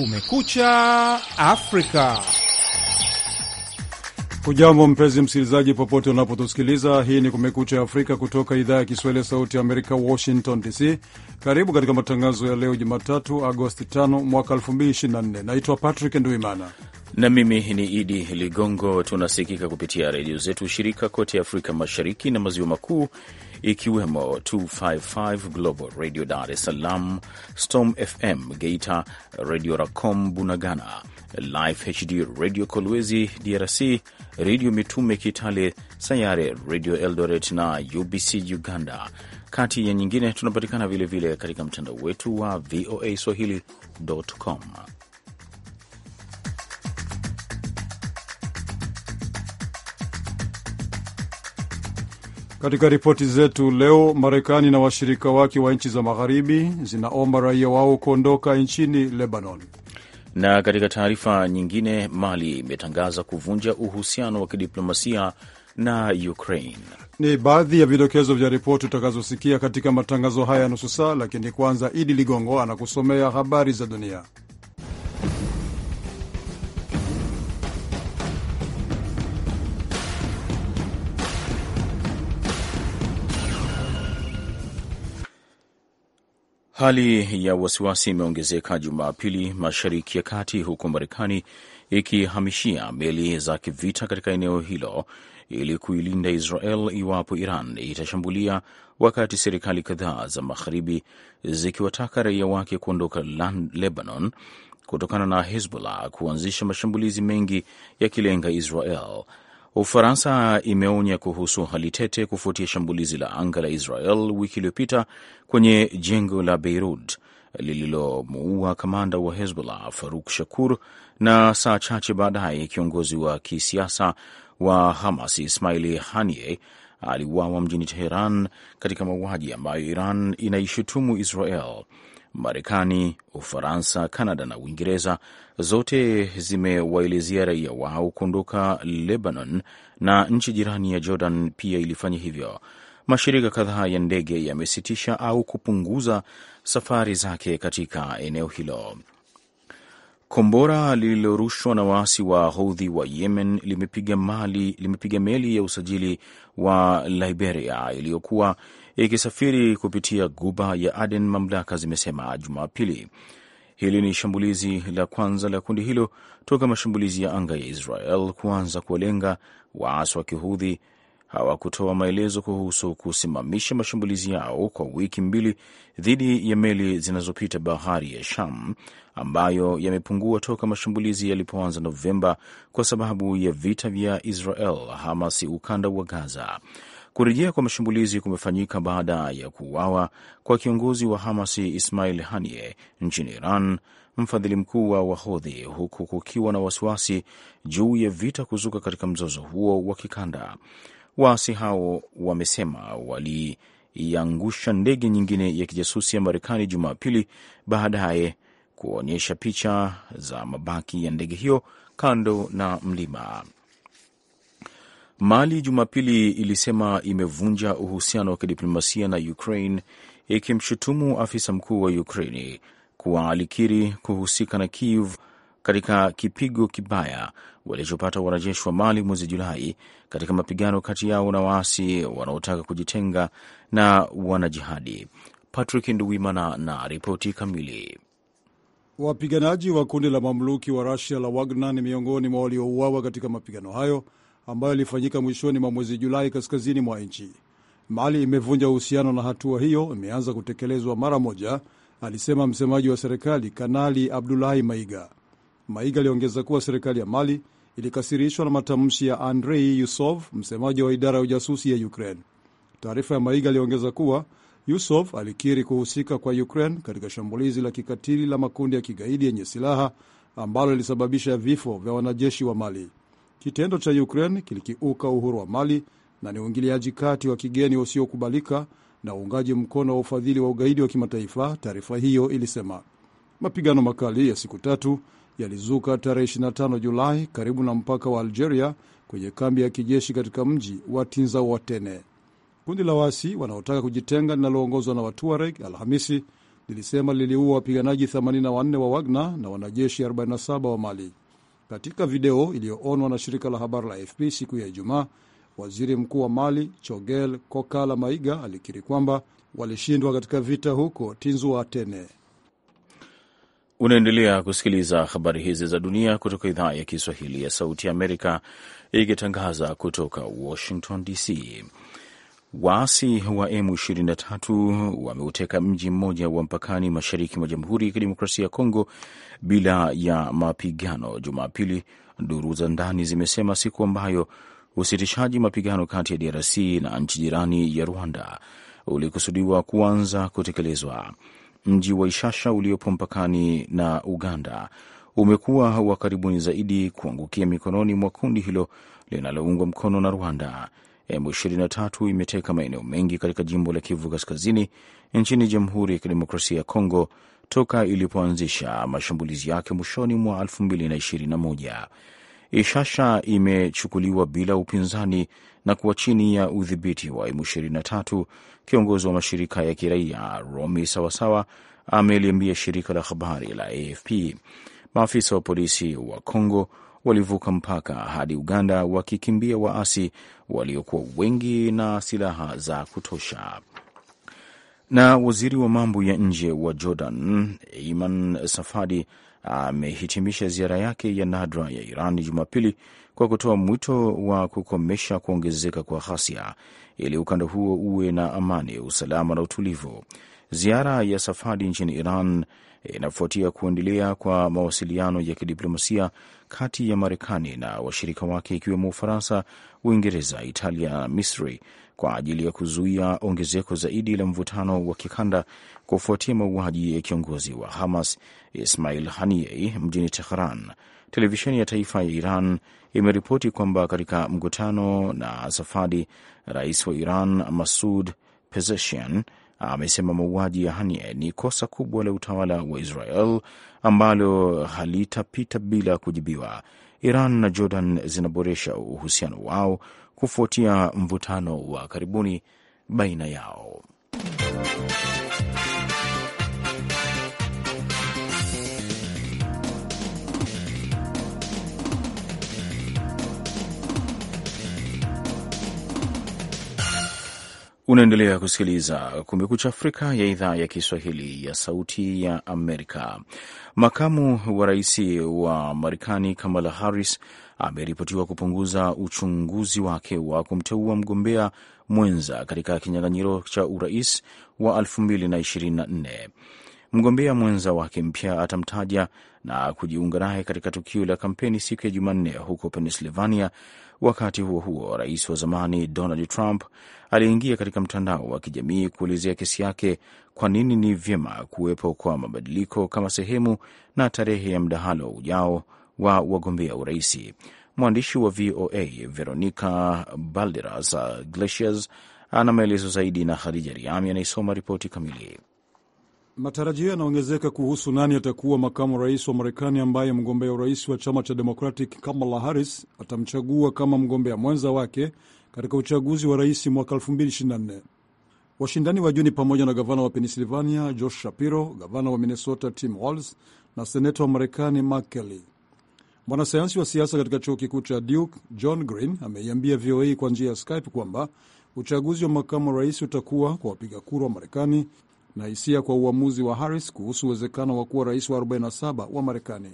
Kumekucha Afrika. Hujambo mpenzi msikilizaji, popote unapotusikiliza. Hii ni Kumekucha Afrika kutoka idhaa ya Kiswahili ya Sauti ya Amerika, Washington DC. Karibu katika matangazo ya leo Jumatatu, Agosti 5 mwaka 2024. Naitwa Patrick Nduimana na mimi ni Idi Ligongo. Tunasikika kupitia redio zetu shirika kote Afrika Mashariki na Maziwa Makuu, ikiwemo 255 Global Radio Dar es Salaam, Storm FM Geita, Radio Racom Bunagana, Life HD Radio Kolwezi DRC, Redio Mitume Kitale, Sayare Radio Eldoret na UBC Uganda, kati ya nyingine. Tunapatikana vilevile katika mtandao wetu wa VOA Swahili.com. Katika ripoti zetu leo, Marekani na washirika wake wa nchi za magharibi zinaomba raia wao kuondoka nchini Lebanon. Na katika taarifa nyingine, Mali imetangaza kuvunja uhusiano wa kidiplomasia na Ukraine. Ni baadhi ya vidokezo vya ripoti utakazosikia katika matangazo haya ya nusu saa, lakini kwanza Idi Ligongo anakusomea habari za dunia. Hali ya wasiwasi imeongezeka Jumapili mashariki ya kati, huku Marekani ikihamishia meli za kivita katika eneo hilo ili kuilinda Israel iwapo Iran itashambulia, wakati serikali kadhaa za magharibi zikiwataka raia wake kuondoka Lebanon kutokana na Hezbollah kuanzisha mashambulizi mengi yakilenga Israel Ufaransa imeonya kuhusu hali tete kufuatia shambulizi la anga la Israel wiki iliyopita kwenye jengo la Beirut lililomuua kamanda wa Hezbollah Faruk Shakur na saa chache baadaye kiongozi wa kisiasa wa Hamas Ismaili Haniyeh aliuawa mjini Teheran katika mauaji ambayo Iran inaishutumu Israel Marekani, Ufaransa, Kanada na Uingereza zote zimewaelezea raia wao kuondoka Lebanon na nchi jirani ya Jordan pia ilifanya hivyo. Mashirika kadhaa ya ndege yamesitisha au kupunguza safari zake katika eneo hilo. Kombora lililorushwa na waasi wa Houthi wa Yemen limepiga mali limepiga meli ya usajili wa Liberia iliyokuwa ikisafiri kupitia Guba ya Aden, mamlaka zimesema Jumapili. Hili ni shambulizi la kwanza la kundi hilo toka mashambulizi ya anga ya Israel kuanza kuwalenga waasi wa Kihudhi. Hawakutoa maelezo kuhusu kusimamisha mashambulizi yao kwa wiki mbili dhidi ya meli zinazopita bahari ya Sham, ambayo yamepungua toka mashambulizi yalipoanza Novemba kwa sababu ya vita vya Israel Hamasi ukanda wa Gaza. Kurejea kwa mashambulizi kumefanyika baada ya kuuawa kwa kiongozi wa Hamas Ismail Haniyeh nchini Iran, mfadhili mkuu wa Wahodhi, huku kukiwa na wasiwasi juu ya vita kuzuka katika mzozo huo wa kikanda. Waasi hao wamesema waliiangusha ndege nyingine ya kijasusi ya Marekani Jumapili, baadaye kuonyesha picha za mabaki ya ndege hiyo kando na mlima Mali Jumapili ilisema imevunja uhusiano wa kidiplomasia na Ukraine, ikimshutumu afisa mkuu wa Ukraini kuwa alikiri kuhusika na Kiev katika kipigo kibaya walichopata wanajeshi wa Mali mwezi Julai katika mapigano kati yao na waasi wanaotaka kujitenga na wanajihadi. Patrick Nduwimana na ripoti kamili. Wapiganaji wa kundi la mamluki wa Rasia la Wagner ni miongoni mwa waliouawa katika mapigano hayo ambayo ilifanyika mwishoni mwa mwezi Julai kaskazini mwa nchi. Mali imevunja uhusiano na hatua hiyo imeanza kutekelezwa mara moja, alisema msemaji wa serikali Kanali Abdulahi Maiga. Maiga aliongeza kuwa serikali ya Mali ilikasirishwa na matamshi ya Andrei Yusov, msemaji wa idara ya ujasusi ya Ukraine. Taarifa ya Maiga aliongeza kuwa Yusov alikiri kuhusika kwa Ukraine katika shambulizi la kikatili la makundi ya kigaidi yenye silaha ambalo lilisababisha vifo vya wanajeshi wa Mali. Kitendo cha Ukraine kilikiuka uhuru wa Mali na ni uingiliaji kati wa kigeni usiokubalika na uungaji mkono wa ufadhili wa ugaidi wa kimataifa, taarifa hiyo ilisema. Mapigano makali ya siku tatu yalizuka tarehe 25 Julai karibu na mpaka wa Algeria kwenye kambi ya kijeshi katika mji wa Watene. Kundi la waasi wanaotaka kujitenga linaloongozwa na Watuareg Alhamisi lilisema liliua wapiganaji 84 wa Wagner na wanajeshi 47 wa Mali. Katika video iliyoonwa na shirika la habari la AFP siku ya Ijumaa, waziri mkuu wa Mali Chogel Kokala Maiga alikiri kwamba walishindwa katika vita huko tinzua tene Unaendelea kusikiliza habari hizi za dunia kutoka idhaa ya Kiswahili ya Sauti ya Amerika, ikitangaza kutoka Washington DC. Waasi wa M23 wameuteka mji mmoja wa mpakani mashariki mwa Jamhuri ya Kidemokrasia ya Kongo bila ya mapigano Jumapili, duru za ndani zimesema, siku ambayo usitishaji mapigano kati ya DRC na nchi jirani ya Rwanda ulikusudiwa kuanza kutekelezwa. Mji wa Ishasha uliopo mpakani na Uganda umekuwa wa karibuni zaidi kuangukia mikononi mwa kundi hilo linaloungwa mkono na Rwanda. M23 imeteka maeneo mengi katika jimbo la Kivu Kaskazini nchini Jamhuri ya Kidemokrasia ya Kongo toka ilipoanzisha mashambulizi yake mwishoni mwa 2021. Ishasha imechukuliwa bila upinzani na kuwa chini ya udhibiti wa M23. Kiongozi wa mashirika ya kiraia Romi Sawasawa ameliambia shirika la habari la AFP. Maafisa wa polisi wa Kongo walivuka mpaka hadi Uganda wakikimbia waasi waliokuwa wengi na silaha za kutosha. Na waziri wa mambo ya nje wa Jordan Iman Safadi amehitimisha ziara yake ya nadra ya Iran Jumapili kwa kutoa mwito wa kukomesha kuongezeka kwa ghasia ili ukanda huo uwe na amani, usalama na utulivu. Ziara ya Safadi nchini Iran E, inafuatia kuendelea kwa mawasiliano ya kidiplomasia kati ya Marekani na washirika wake ikiwemo Ufaransa, Uingereza, Italia na Misri kwa ajili ya kuzuia ongezeko zaidi la mvutano wa kikanda kufuatia mauaji ya kiongozi wa Hamas Ismail Haniyeh mjini Tehran. Televisheni ya taifa ya Iran imeripoti kwamba katika mkutano na Safadi, rais wa Iran Masud Pezeshkian amesema mauaji ya Haniyeh ni kosa kubwa la utawala wa Israel ambalo halitapita bila kujibiwa. Iran na Jordan zinaboresha uhusiano wao kufuatia mvutano wa karibuni baina yao. Unaendelea kusikiliza Kumekucha Afrika ya idhaa ya Kiswahili ya Sauti ya Amerika. Makamu wa rais wa Marekani Kamala Harris ameripotiwa kupunguza uchunguzi wake wa kumteua mgombea mwenza katika kinyang'anyiro cha urais wa 2024. Mgombea mwenza wake mpya atamtaja na kujiunga naye katika tukio la kampeni siku ya Jumanne huko Pennsylvania Wakati huo huo, rais wa zamani Donald Trump aliingia katika mtandao wa kijamii kuelezea kesi yake, kwa nini ni vyema kuwepo kwa mabadiliko kama sehemu na tarehe ya mdahalo ujao wa wagombea uraisi. Mwandishi wa VOA Veronica Balderas Glaciers ana maelezo zaidi, na Khadija Riami anayesoma ripoti kamili. Matarajio yanaongezeka kuhusu nani atakuwa makamu rais wa Marekani, ambaye mgombea urais wa chama cha Democratic Kamala Harris atamchagua kama mgombea mwenza wake katika uchaguzi wa rais mwaka 2024. Washindani wa juu ni pamoja na gavana wa Pennsylvania Josh Shapiro, gavana wa Minnesota Tim Walz na seneta wa Marekani Mark Kelly. Mwanasayansi wa siasa katika chuo kikuu cha Duke John Green ameiambia VOA kwa njia ya Skype kwamba uchaguzi wa makamu wa rais utakuwa kwa wapiga kura wa Marekani na hisia kwa uamuzi wa Harris kuhusu uwezekano wa kuwa rais wa 47 wa Marekani.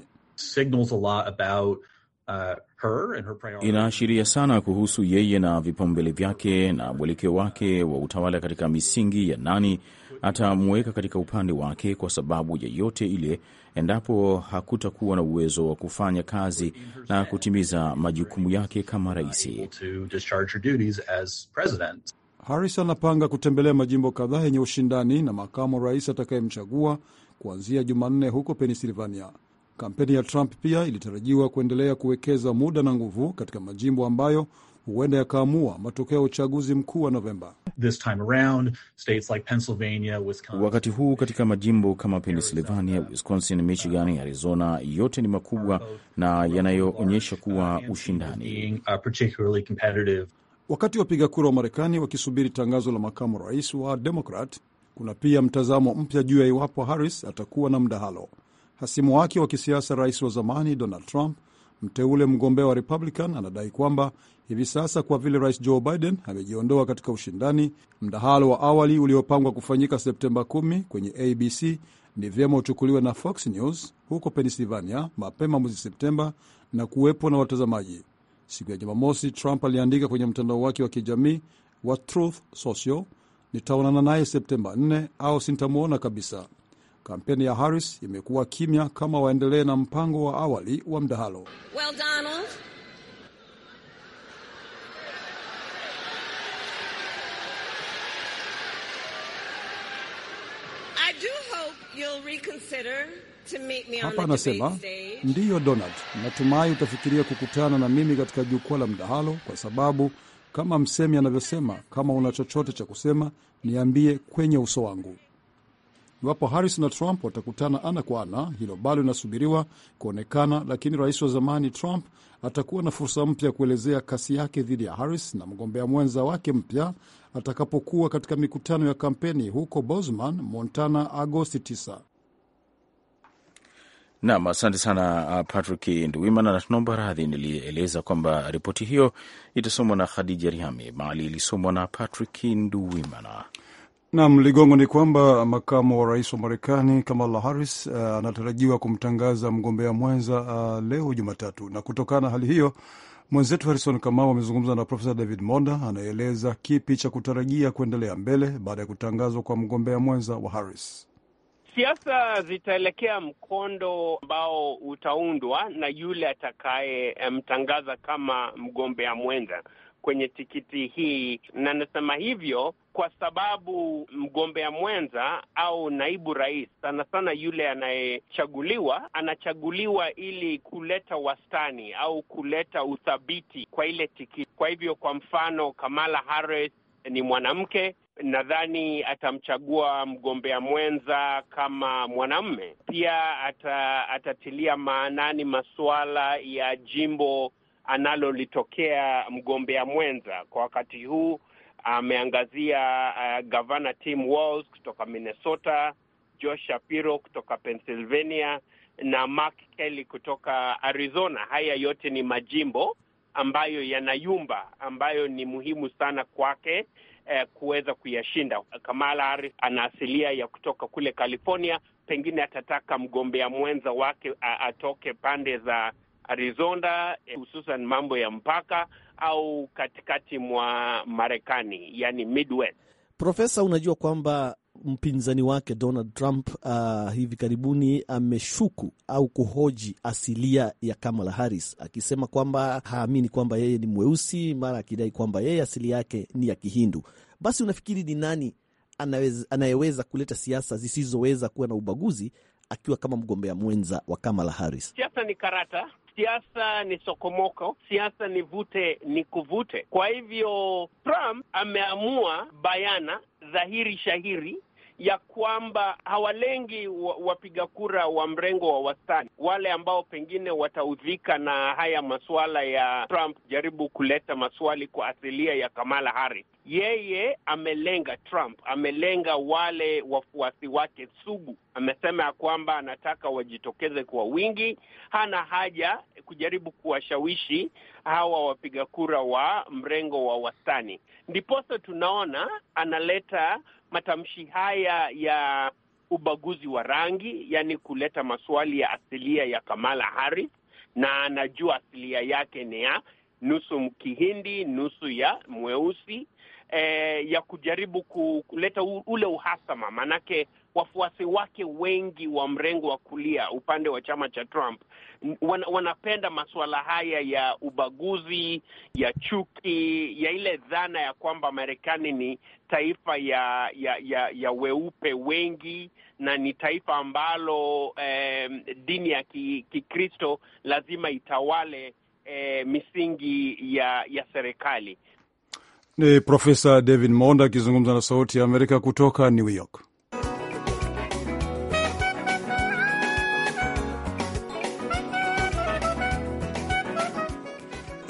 Uh, inaashiria sana kuhusu yeye na vipaumbele vyake na mwelekeo wake wa utawala katika misingi ya nani atamweka katika upande wake kwa sababu yeyote ile, endapo hakutakuwa na uwezo wa kufanya kazi na kutimiza majukumu yake kama raisi Harris anapanga kutembelea majimbo kadhaa yenye ushindani na makamu rais atakayemchagua kuanzia Jumanne huko Pennsylvania. Kampeni ya Trump pia ilitarajiwa kuendelea kuwekeza muda na nguvu katika majimbo ambayo huenda yakaamua matokeo ya uchaguzi mkuu wa Novemba. Like wakati huu katika majimbo kama Pennsylvania, Wisconsin, Michigan, Arizona, yote ni makubwa na yanayoonyesha kuwa ushindani uh, Wakati wapiga kura wa Marekani wakisubiri tangazo la makamu rais wa Demokrat, kuna pia mtazamo mpya juu ya iwapo Harris atakuwa na mdahalo. Hasimu wake wa kisiasa, rais wa zamani Donald Trump, mteule mgombea wa Republican, anadai kwamba hivi sasa, kwa vile rais Joe Biden amejiondoa katika ushindani, mdahalo wa awali uliopangwa kufanyika Septemba 10 kwenye ABC ni vyema uchukuliwe na Fox News huko Pennsylvania mapema mwezi Septemba na kuwepo na watazamaji. Siku ya Jumamosi, Trump aliandika kwenye mtandao wake wa kijamii wa Truth Social, nitaonana naye Septemba 4 au sintamwona kabisa. Kampeni ya Harris imekuwa kimya kama waendelee na mpango wa awali wa mdahalo. Well, Donald. I do hope you'll reconsider hapa anasema ndiyo, Donald, natumai utafikiria kukutana na mimi katika jukwaa la mdahalo, kwa sababu kama msemi anavyosema, kama una chochote cha kusema niambie kwenye uso wangu. Iwapo Harris na Trump watakutana ana kwa ana, hilo bado linasubiriwa kuonekana, lakini rais wa zamani Trump atakuwa na fursa mpya ya kuelezea kasi yake dhidi ya Harris na mgombea mwenza wake mpya atakapokuwa katika mikutano ya kampeni huko Bozeman, Montana, Agosti 9. Nam, asante sana uh, Patrick Nduwimana, na tunaomba radhi, nilieleza kwamba ripoti hiyo itasomwa na Khadija riami bali ilisomwa na Patrick Nduwimana. Nam Ligongo, ni kwamba makamu wa rais wa Marekani Kamala Harris uh, anatarajiwa uh, kumtangaza mgombea mwenza uh, leo Jumatatu, na kutokana na hali hiyo mwenzetu Harrison Kamau amezungumza na Profesa David Monda anaeleza kipi cha kutarajia kuendelea mbele baada ya kutangazwa kwa mgombea mwenza wa Harris siasa zitaelekea mkondo ambao utaundwa na yule atakayemtangaza eh, kama mgombea mwenza kwenye tikiti hii, na nasema hivyo kwa sababu mgombea mwenza au naibu rais, sana sana yule anayechaguliwa, anachaguliwa ili kuleta wastani au kuleta uthabiti kwa ile tikiti. Kwa hivyo, kwa mfano, Kamala Harris ni mwanamke nadhani atamchagua mgombea mwenza kama mwanamme. Pia ata, atatilia maanani masuala ya jimbo analolitokea mgombea mwenza. Kwa wakati huu ameangazia uh, gavana Tim Walz kutoka Minnesota, Josh Shapiro kutoka Pennsylvania na Mark Kelly kutoka Arizona. Haya yote ni majimbo ambayo yanayumba, ambayo ni muhimu sana kwake eh, kuweza kuyashinda. Kamala Harris ana asilia ya kutoka kule California, pengine atataka mgombea mwenza wake atoke pande za Arizona, eh, hususan eh, mambo ya mpaka au katikati mwa Marekani, yani Midwest. Profesa, unajua kwamba mpinzani wake Donald Trump uh, hivi karibuni ameshuku au kuhoji asilia ya Kamala Harris akisema kwamba haamini kwamba yeye ni mweusi, mara akidai kwamba yeye asili yake ni ya Kihindu. Basi unafikiri ni nani anayeweza kuleta siasa zisizoweza kuwa na ubaguzi akiwa kama mgombea mwenza wa Kamala Harris? Siasa ni karata siasa ni sokomoko, siasa ni vute ni kuvute. Kwa hivyo Trump ameamua bayana, dhahiri shahiri ya kwamba hawalengi wapiga kura wa mrengo wa wastani, wale ambao pengine wataudhika na haya masuala ya Trump jaribu kuleta maswali kwa asilia ya Kamala Harris. Yeye amelenga Trump, amelenga wale wafuasi wake sugu. Amesema ya kwamba anataka wajitokeze kwa wingi, hana haja kujaribu kuwashawishi hawa wapiga kura wa mrengo wa wastani. Ndiposa tunaona analeta matamshi haya ya ubaguzi wa rangi, yani kuleta maswali ya asilia ya Kamala Harris, na anajua asilia yake ni ya nusu Mkihindi, nusu ya mweusi, eh, ya kujaribu kuleta ule uhasama maanake wafuasi wake wengi wa mrengo wa kulia upande wa chama cha Trump wan, wanapenda masuala haya ya ubaguzi, ya chuki, ya ile dhana ya kwamba Marekani ni taifa ya ya, ya ya weupe wengi na ni taifa ambalo eh, dini ya Kikristo ki lazima itawale eh, misingi ya ya serikali. Ni Profesa David Monda akizungumza na Sauti ya Amerika kutoka New York.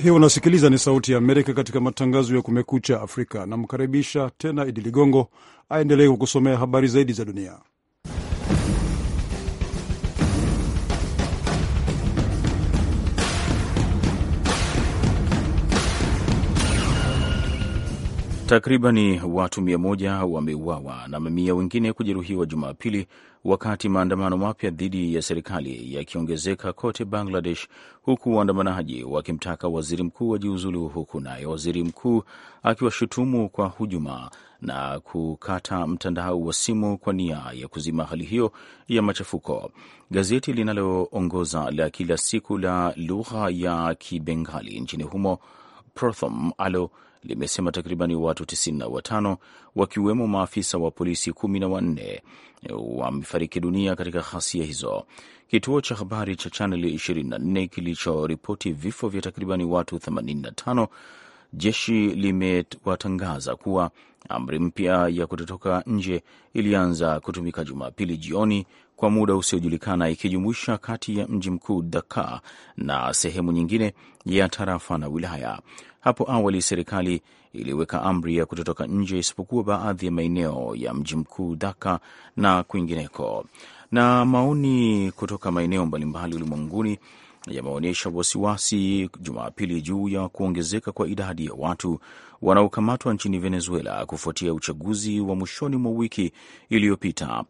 Hiyo unasikiliza ni Sauti ya Amerika katika matangazo ya Kumekucha Afrika. Namkaribisha tena Idi Ligongo aendelee kukusomea habari zaidi za dunia. Takribani watu mia moja wameuawa na mamia wengine kujeruhiwa Jumapili wakati maandamano mapya dhidi ya serikali yakiongezeka kote Bangladesh, huku waandamanaji wakimtaka waziri mkuu wajiuzulu, huku naye waziri mkuu akiwashutumu kwa hujuma na kukata mtandao wa simu kwa nia ya kuzima hali hiyo ya machafuko. Gazeti linaloongoza la kila siku la lugha ya Kibengali nchini humo Prothom Alo limesema takribani watu 95 wakiwemo maafisa wa polisi kumi na wanne wamefariki dunia katika ghasia hizo. Kituo cha habari cha Channel 24 kilichoripoti vifo vya takribani watu 85 Jeshi limewatangaza kuwa amri mpya ya kutotoka nje ilianza kutumika Jumapili jioni kwa muda usiojulikana ikijumuisha kati ya mji mkuu Dhaka na sehemu nyingine ya tarafa na wilaya. Hapo awali serikali iliweka amri ya kutotoka nje isipokuwa baadhi ya maeneo ya mji mkuu Dhaka na kwingineko, na maoni kutoka maeneo mbalimbali ulimwenguni yameonyesha wasiwasi Jumapili juu ya kuongezeka kwa idadi ya watu wanaokamatwa nchini Venezuela kufuatia uchaguzi wa mwishoni mwa wiki iliyopita.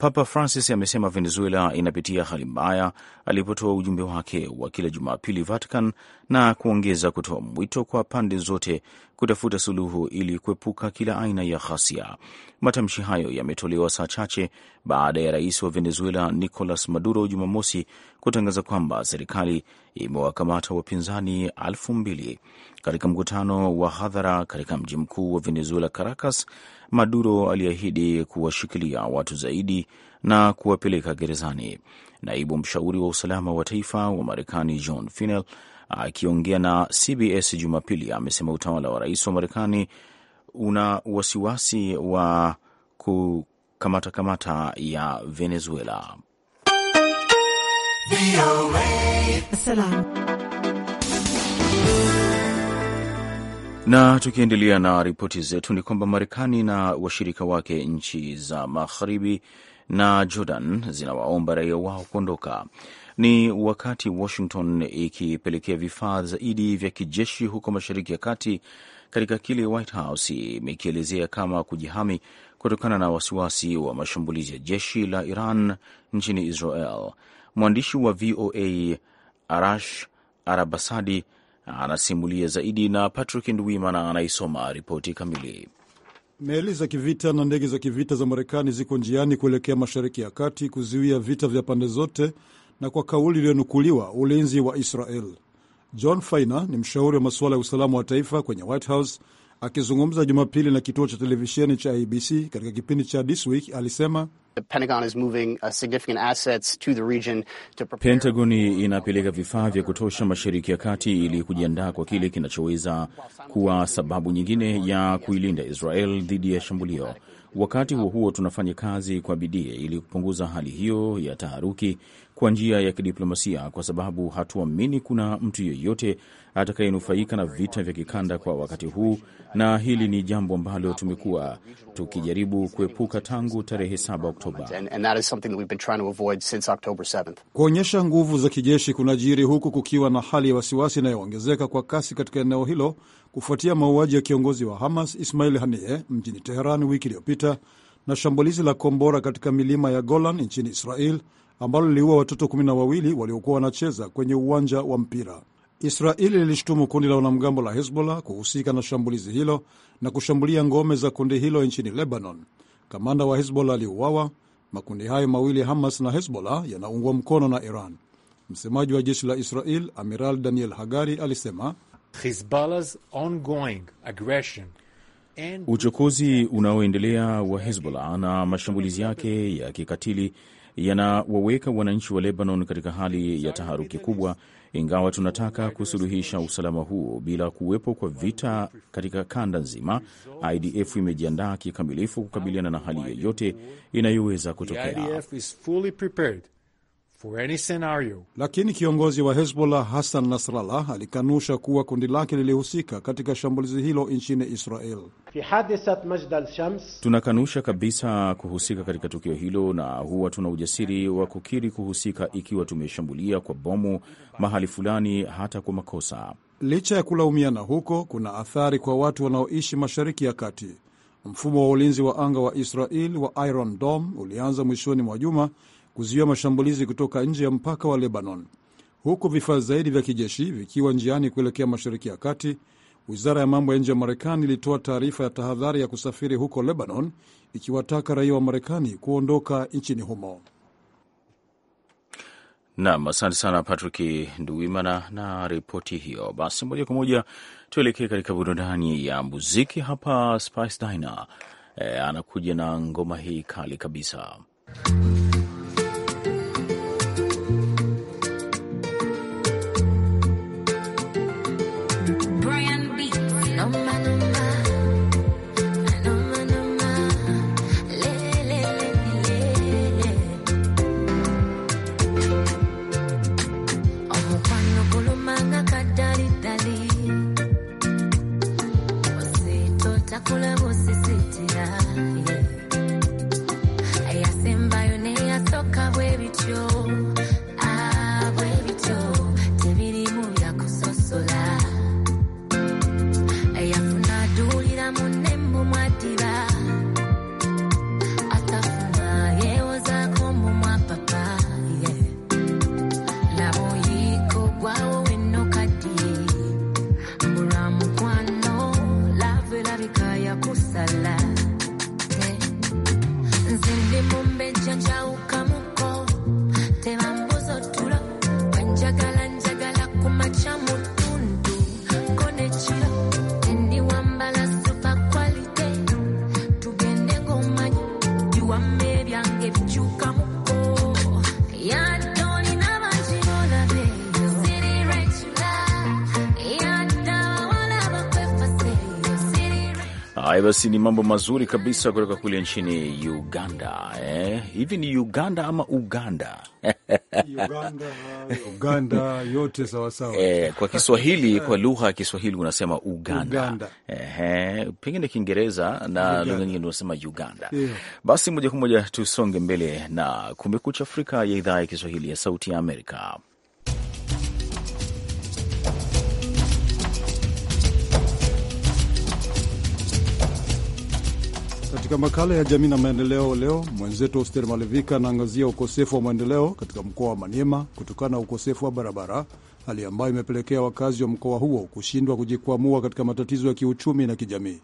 Papa Francis amesema Venezuela inapitia hali mbaya alipotoa ujumbe wake wa kila Jumapili Vatican na kuongeza kutoa mwito kwa pande zote kutafuta suluhu ili kuepuka kila aina ya ghasia. Matamshi hayo yametolewa saa chache baada ya rais wa Venezuela Nicolas Maduro Jumamosi kutangaza kwamba serikali imewakamata wapinzani elfu mbili katika mkutano wa hadhara katika mji mkuu wa Venezuela, Caracas. Maduro aliahidi kuwashikilia watu zaidi na kuwapeleka gerezani. Naibu mshauri wa usalama wa taifa wa Marekani John Finel Akiongea na CBS Jumapili, amesema utawala wa rais wa Marekani una wasiwasi wa kukamata kamata ya Venezuela. Na tukiendelea na ripoti zetu ni kwamba Marekani na washirika wake nchi za magharibi na Jordan zinawaomba raia wao kuondoka. Ni wakati Washington ikipelekea vifaa zaidi vya kijeshi huko Mashariki ya Kati katika kile White House imekielezea kama kujihami kutokana na wasiwasi wa mashambulizi ya jeshi la Iran nchini Israel. Mwandishi wa VOA Arash Arabasadi anasimulia zaidi na Patrick Ndwimana anaisoma ripoti kamili. Meli za kivita na ndege za kivita za Marekani ziko njiani kuelekea Mashariki ya Kati kuzuia vita vya pande zote na kwa kauli iliyonukuliwa ulinzi wa Israel. John Feiner ni mshauri wa masuala ya usalama wa taifa kwenye White House. Akizungumza Jumapili na kituo cha televisheni cha ABC katika kipindi cha This Week alisema uh, Pentagon inapeleka vifaa vya kutosha Mashariki ya Kati ili kujiandaa kwa kile kinachoweza kuwa sababu nyingine ya kuilinda Israel dhidi ya shambulio. Wakati huo huo, tunafanya kazi kwa bidii ili kupunguza hali hiyo ya taharuki kwa njia ya kidiplomasia, kwa sababu hatuamini kuna mtu yeyote atakayenufaika na vita vya kikanda kwa wakati huu, na hili ni jambo ambalo tumekuwa tukijaribu kuepuka tangu tarehe 7 Oktoba. Kuonyesha nguvu za kijeshi kunajiri huku kukiwa na hali ya wasiwasi inayoongezeka kwa kasi katika eneo hilo kufuatia mauaji ya kiongozi wa Hamas Ismail Haniyeh mjini Teheran wiki iliyopita na shambulizi la kombora katika milima ya Golan nchini Israel ambalo liliua watoto kumi na wawili waliokuwa wanacheza kwenye uwanja wa mpira. Israeli lilishutumu kundi la wanamgambo la Hezbollah kuhusika na shambulizi hilo na kushambulia ngome za kundi hilo nchini Lebanon. Kamanda wa Hezbollah aliuawa. Makundi hayo mawili Hamas na Hezbollah yanaungwa mkono na Iran. Msemaji wa jeshi la Israel Amiral Daniel Hagari alisema uchokozi unaoendelea wa Hezbollah na mashambulizi yake ya kikatili yanawaweka wananchi wa Lebanon katika hali ya taharuki kubwa ingawa tunataka kusuluhisha usalama huo bila kuwepo kwa vita katika kanda nzima, IDF imejiandaa kikamilifu kukabiliana na hali yoyote inayoweza kutokea. For any scenario. Lakini kiongozi wa Hezbollah Hassan Nasrallah alikanusha kuwa kundi lake lilihusika katika shambulizi hilo nchini Israel. Tunakanusha kabisa kuhusika katika tukio hilo na huwa tuna ujasiri wa kukiri kuhusika ikiwa tumeshambulia kwa bomu mahali fulani hata kwa makosa. Licha ya kulaumiana huko, kuna athari kwa watu wanaoishi Mashariki ya Kati. Mfumo wa ulinzi wa anga wa Israel wa Iron Dome ulianza mwishoni mwa juma kuzuia mashambulizi kutoka nje ya mpaka wa Lebanon, huku vifaa zaidi vya kijeshi vikiwa njiani kuelekea Mashariki ya Kati. Wizara ya mambo ya nje ya Marekani ilitoa taarifa ya tahadhari ya kusafiri huko Lebanon, ikiwataka raia wa Marekani kuondoka nchini humo. Nam, asante sana Patrick Nduwimana na ripoti hiyo. Basi moja kwa moja tuelekee katika burudani ya muziki hapa. Spice Dina e, eh, anakuja na ngoma hii kali kabisa basi ni mambo mazuri kabisa kutoka kule nchini Uganda eh. Hivi ni Uganda ama Uganda? Uganda, Uganda yote sawasawa eh, kwa Kiswahili kwa lugha ya Kiswahili unasema Uganda, Uganda. Eh, pengine Kiingereza na lugha nyingine unasema Uganda, yeah. Basi moja kwa moja tusonge mbele na Kumekucha Afrika ya idhaa ya Kiswahili ya Sauti ya Amerika. Katika makala ya jamii na maendeleo leo, mwenzetu Oster Malevika anaangazia ukosefu wa maendeleo katika mkoa wa Maniema kutokana na ukosefu wa barabara, hali ambayo imepelekea wakazi wa mkoa huo kushindwa kujikwamua katika matatizo ya kiuchumi na kijamii.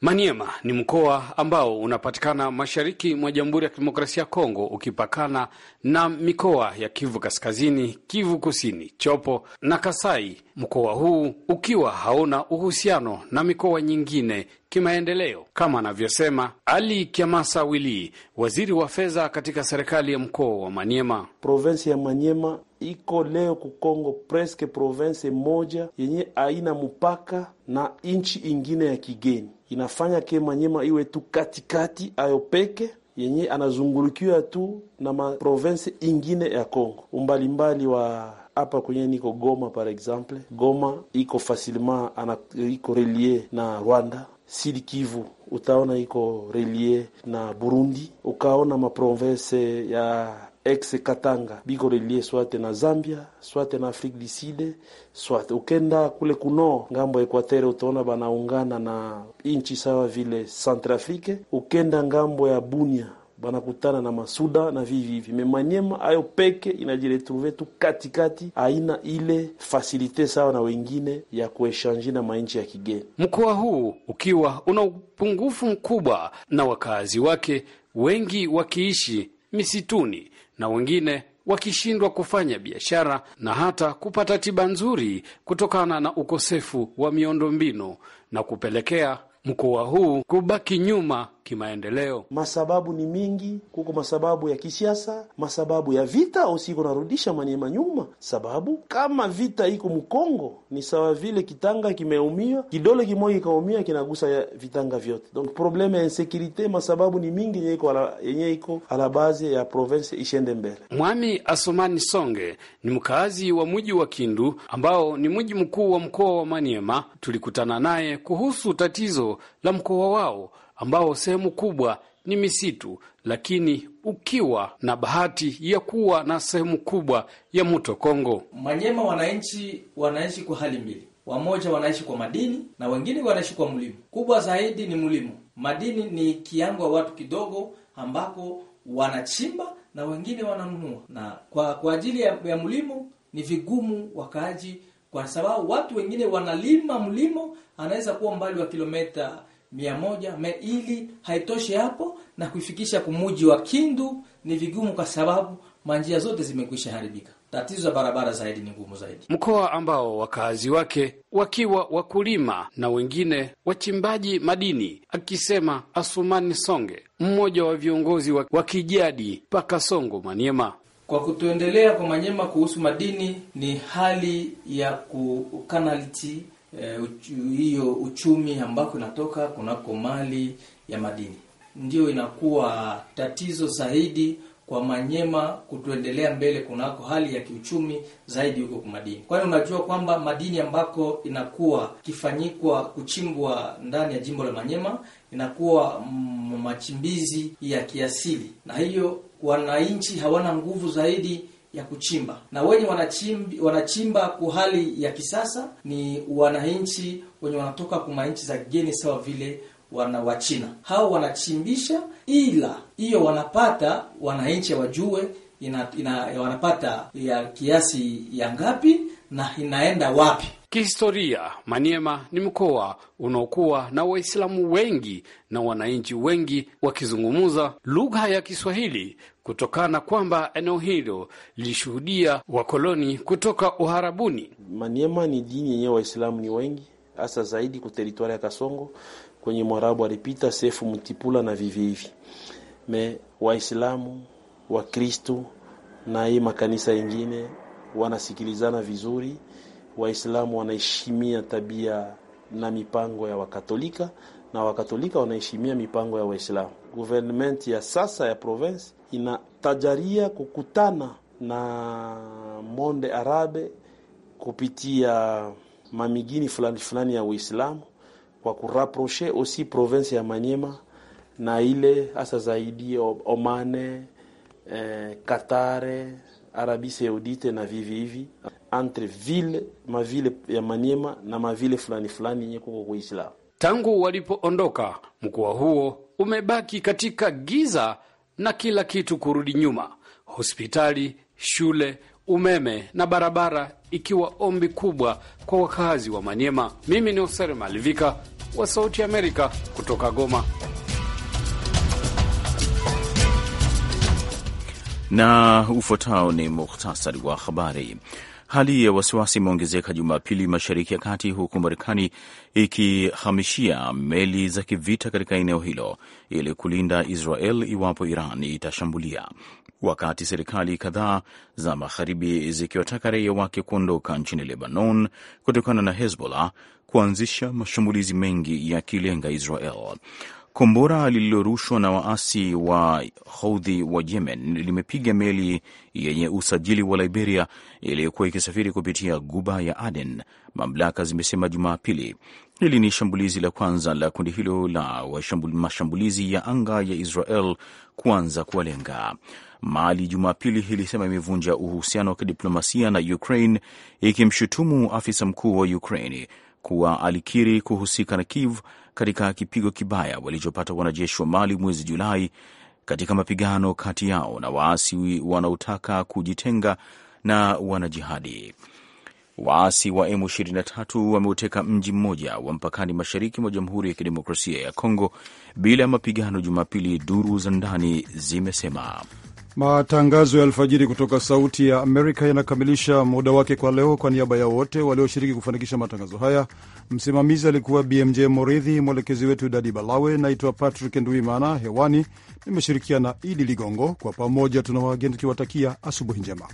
Maniema ni mkoa ambao unapatikana mashariki mwa Jamhuri ya Kidemokrasia ya Kongo, ukipakana na mikoa ya Kivu Kaskazini, Kivu Kusini, Chopo na Kasai, mkoa huu ukiwa hauna uhusiano na mikoa nyingine kimaendeleo, kama anavyosema Ali Kiamasa Wili, waziri wa fedha katika serikali ya mkoa wa Maniema. provensi ya Maniema iko leo kukongo preske provensi moja yenye aina mpaka na nchi ingine ya kigeni inafanya ke Manyema iwe tu katikati ayo peke yenye anazungulukiwa tu na maprovense ingine ya Kongo umbalimbali wa hapa kwenye niko Goma par exemple, Goma iko facilement iko relie na Rwanda, Sud Kivu utaona iko relie na Burundi, ukaona maprovense ya ex Katanga biko relie swate na Zambia, swate na Afrique du Sud, swate ukenda kule kuno ngambo ya Equateur utaona banaungana na inchi sawa vile Centrafrique, ukenda ngambo ya Bunia banakutana na masuda na vivi hivi memanyema ayo peke inajiretruve tu katikati, aina ile fasilite sawa na wengine ya kueshanji na mainchi ya kigeni. Mkoa huu ukiwa una upungufu mkubwa na wakazi wake wengi wakiishi misituni na wengine wakishindwa kufanya biashara na hata kupata tiba nzuri kutokana na ukosefu wa miundombinu na kupelekea mkoa huu kubaki nyuma kimaendeleo. Masababu ni mingi, kuko masababu ya kisiasa, masababu ya vita ausiko narudisha Manyema nyuma, sababu kama vita iko Mkongo ni sawa vile kitanga kimeumia, kidole kimoja kikaumia kinagusa vitanga vyote. Donc probleme ya insekurite, masababu ni mingi yenye iko ala bazi ya province ishende mbele. Mwami Asumani Songe ni mkaazi wa mji wa Kindu ambao ni mji mkuu wa mkoa wa Manyema. Tulikutana naye kuhusu tatizo la mkoa wao ambao sehemu kubwa ni misitu, lakini ukiwa na bahati ya kuwa na sehemu kubwa ya mto Kongo. Manyema wananchi wanaishi kwa hali mbili, wamoja wanaishi kwa madini na wengine wanaishi kwa mlimo. Kubwa zaidi ni mlimo. Madini ni kiangwa watu kidogo, ambako wanachimba na wengine wananunua, na kwa kwa ajili ya, ya mlimo ni vigumu wakaaji, kwa sababu watu wengine wanalima mlimo, anaweza kuwa mbali wa kilometa mia moja me ili haitoshe hapo, na kuifikisha kumuji wa Kindu ni vigumu, kwa sababu manjia zote zimekwisha haribika. Tatizo za barabara zaidi ni ngumu zaidi, mkoa ambao wakazi wake wakiwa wakulima na wengine wachimbaji madini, akisema Asumani Songe, mmoja wa viongozi wa kijadi paka Songo Manyema. Kwa kutuendelea kwa Manyema kuhusu madini ni hali ya kukanaliti Eh, hiyo e, uchumi ambako inatoka kunako mali ya madini ndio inakuwa tatizo zaidi kwa Manyema kutuendelea mbele kunako hali ya kiuchumi zaidi huko kwa madini, kwani unajua kwamba madini ambako inakuwa kifanyikwa kuchimbwa ndani ya jimbo la Manyema inakuwa machimbizi ya kiasili, na hiyo wananchi hawana nguvu zaidi ya kuchimba, na wenye wanachimbi, wanachimba kwa hali ya kisasa ni wananchi wenye wanatoka kuma nchi za kigeni, sawa vile wana Wachina. Hao wanachimbisha, ila hiyo wanapata wananchi wajue ina, ina, wanapata ya kiasi ya ngapi na inaenda wapi Kihistoria, Maniema ni mkoa unaokuwa na Waislamu wengi na wananchi wengi wakizungumza lugha ya Kiswahili kutokana kwamba eneo hilo lilishuhudia wakoloni kutoka Uharabuni. Maniema ni dini yenyewe, Waislamu ni wengi hasa zaidi ku teritwari ya Kasongo kwenye Mwarabu alipita Sefu Mtipula na vivi hivi me Waislamu, Wakristu na hii makanisa yengine wanasikilizana vizuri Waislamu wanaheshimia tabia na mipango ya Wakatolika na Wakatolika wanaheshimia mipango ya Waislamu. Gouvernement ya sasa ya province inatajaria kukutana na monde arabe kupitia mamigini fulani fulani ya Uislamu kwa kuraproche aussi province ya Manyema na ile hasa zaidi Omane, eh, Katare, Arabi Saudite na vivi hivi entre vile mavile ya Maniema na mavile fulani fulani yenye kuko kuishi la. Tangu walipoondoka, mkoa huo umebaki katika giza na kila kitu kurudi nyuma: hospitali, shule, umeme na barabara, ikiwa ombi kubwa kwa wakazi wa Maniema. Mimi ni Osere Malivika wa Sauti Amerika kutoka Goma. Na ufuatao ni muhtasari wa habari. Hali ya wasiwasi imeongezeka Jumapili mashariki ya kati, huku Marekani ikihamishia meli za kivita katika eneo hilo ili kulinda Israel iwapo Iran itashambulia, wakati serikali kadhaa za magharibi zikiwataka raia wake kuondoka nchini Lebanon kutokana na Hezbollah kuanzisha mashambulizi mengi yakilenga Israel. Kombora lililorushwa na waasi wa Houthi wa Yemen limepiga meli yenye usajili wa Liberia iliyokuwa ikisafiri kupitia Guba ya Aden, mamlaka zimesema Jumapili. Hili ni shambulizi la kwanza la kundi hilo la mashambulizi ya anga ya Israel kuanza kuwalenga Mali Jumapili ilisema imevunja uhusiano wa kidiplomasia na Ukraine, ikimshutumu afisa mkuu wa Ukraine kuwa alikiri kuhusika na Kiev katika kipigo kibaya walichopata wanajeshi wa Mali mwezi Julai katika mapigano kati yao na waasi wanaotaka kujitenga na wanajihadi. Waasi wa M23 wameuteka mji mmoja wa mpakani mashariki mwa Jamhuri ya Kidemokrasia ya Kongo bila ya mapigano Jumapili, duru za ndani zimesema. Matangazo ya alfajiri kutoka Sauti ya Amerika yanakamilisha muda wake kwa leo. Kwa niaba ya wote walioshiriki kufanikisha matangazo haya, msimamizi alikuwa BMJ Moridhi, mwelekezi wetu Dadi Balawe. Naitwa Patrick Nduimana, hewani nimeshirikiana Idi Ligongo. Kwa pamoja tuna wageni tukiwatakia asubuhi njema.